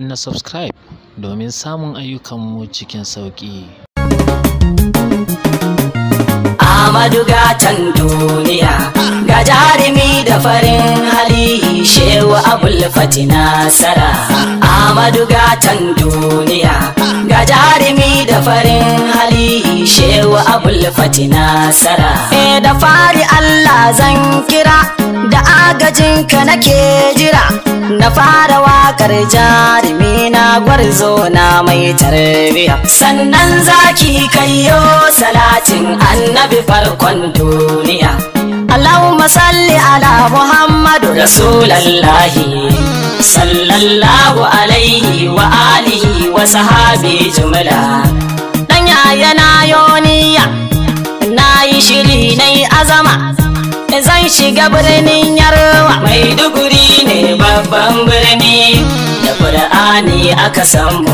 na subscribe domin samun ayyukanmu cikin sauƙi. Amadu gatan duniya ga jarumi da farin hali shewa abul fati nasara. Amadu gatan duniya ga jarumi da farin hali shewa abul fati nasara. E da fari Allah zan kira da agajin ka nake jira na fara wakar jarumi na gwarzo na mai tarbiya sannan zaki kayyo salatin annabi farkon duniya Allahumma salli ala Muhammadu Rasulallah, sallallahu alaihi wa alihi wa sahabi jumla dan yaya yoniya na yi shiri na yi azama zan shiga birnin yarwa maiduguri ne babban birni da ƙur'ani aka san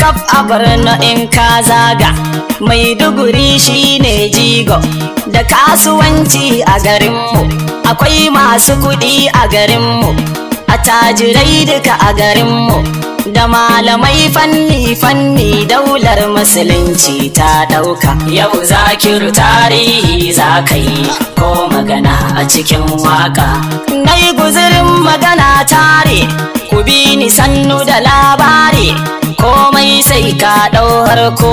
kaf a birnin in ka zaga maiduguri shine jigo da kasuwanci a garinmu akwai masu kuɗi a garinmu a tajirai duka a garinmu da malamai fanni-fanni daular musulunci ta dauka yau zakiru tarihi za ka yi ko magana a cikin waka na yi guzurin magana tare ku bi ni sannu da labari komai sai ka ɗau harko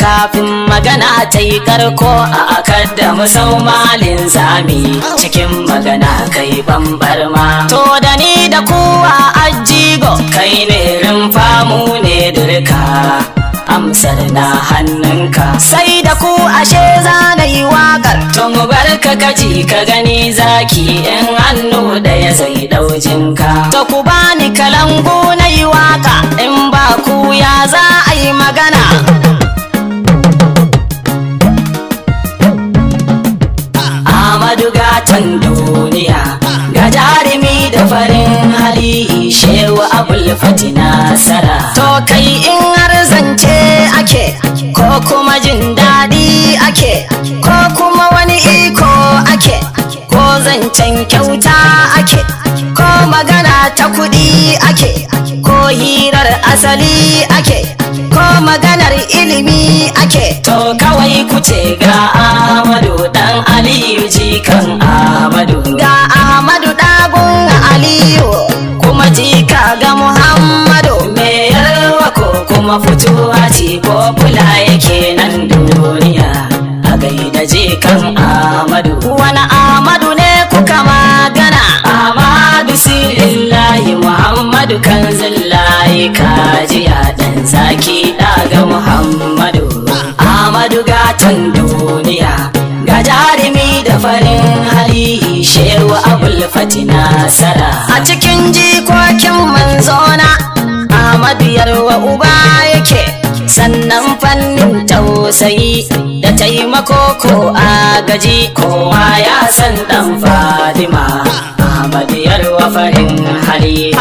kafin magana ta yi karko a akar da musaumalin zami cikin magana kai bambar ma to da ni da kowa ajigo kai ne amsar na hannunka sai da ku ashe zana yi waƙar tun barka kaji ka gani zaki in hannu ya zai ka. ta ku bani kalangu na yi waka in ba ku ya za a yi magana gatan duniya ga jarumi da farin hali shewa abul fatina sara to kai in kyauta ake ko magana ta kuɗi ake ko hirar asali ake ko maganar ilimi ake to kawai kuce ga amadu dan aliyu jikan amadu ga amadu dagun aliyu kuma jika ga muhammadu me yarwa ko kuma fituwa ci popular yake nan duniya a gaida jikan Ahmadu kan ka jiya, ɗan zaki ɗaga Muhammadu. Amadu gatan duniya ga jarumi da farin hali shewa abul fati nasara. A cikin jikokin manzona Amadu yarwa uba yake. sannan fannin tausayi da taimako ko agaji kowa ya san ɗanfa.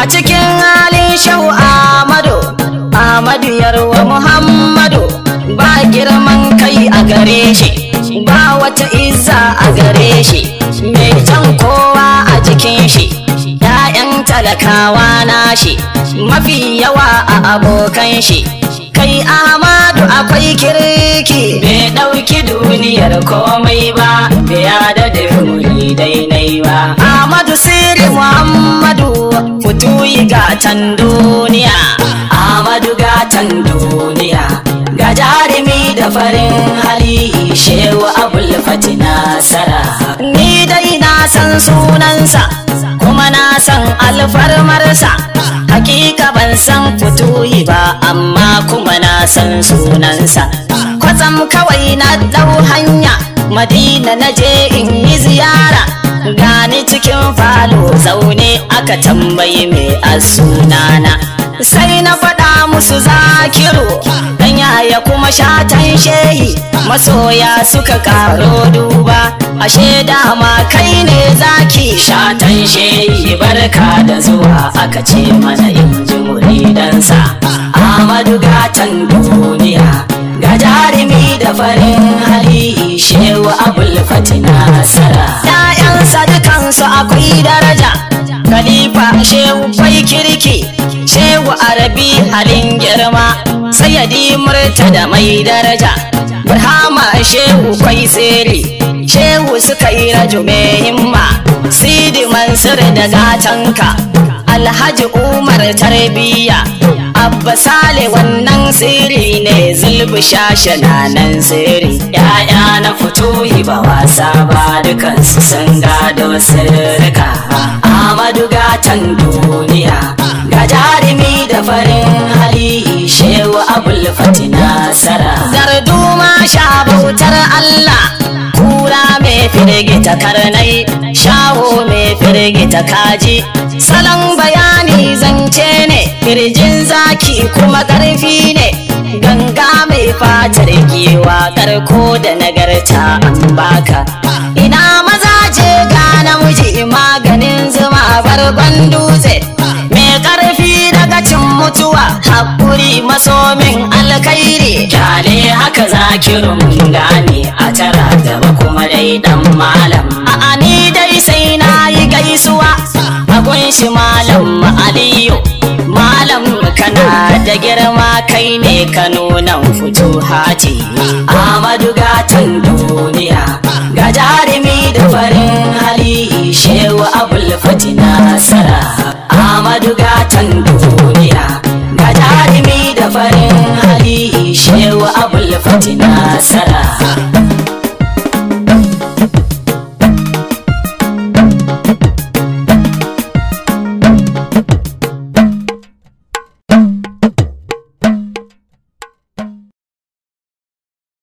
a cikin halin shau amadu amadu yarwa muhammadu ba girman kai a gare shi ba wata iza a gare shi mai jan kowa a jikin shi ya'yan talakawa nashi mafi yawa a abokan shi kai amadu akwai kirki bai ɗauki duniyar komai ba bai yada da muridai ba amadu siri muhammadu gatan duniya amadu gatan duniya ga jarumi da farin hali shehu abul fati nasara ni dai na san sunansa kuma na san alfarmarsa hakika ban san fituyi ba amma kuma na san sunansa kwatsam kawai na dau hanya madina na je in yi ziyara gani cikin falo zaune aka tambaye me a sunana sai na faɗa musu zakiru dan yaya kuma shatan shehi masoya suka karo duba ashe dama kai ne zaki shatan shehi barka da zuwa aka ce mana in ji muridansa amadu gatan duniya ga jarumi da farin hali shewa abul fatina sara 'ya'yan sadu su akwai daraja khalifa shehu fai kirki shehu arabi halin girma sayadi murtada mai daraja burhama shehu kwai tsere shehu suka yi rajume himma sidi mansur da gatanka alhaji umar tarbiya abba sale wannan sirri ne zulbu shashe nan sirri na yi ba wasa ba dukansu sun gado sirrika amadu gatan duniya ga jarumi da farin hali shewa abul nasara. sara garduma sha bautar allah kura mai firgita karnai shaho mai firgita kaji salon bayani zance ne firjin zaki kuma ƙarfi ne fatar giwa karko da nagarta an baka ina maza je ga namiji maganin zuma bargon dutse mai karfi daga cin mutuwa hakuri masomin alkairi kyale haka zakirin gane a tara da kuma dai dan malam a ni dai sai na yi gaisuwa a gunshi malam aliyu malam kana da girma kai ne ka nunan fito hati amadu gatan duniya ga jarumi da farin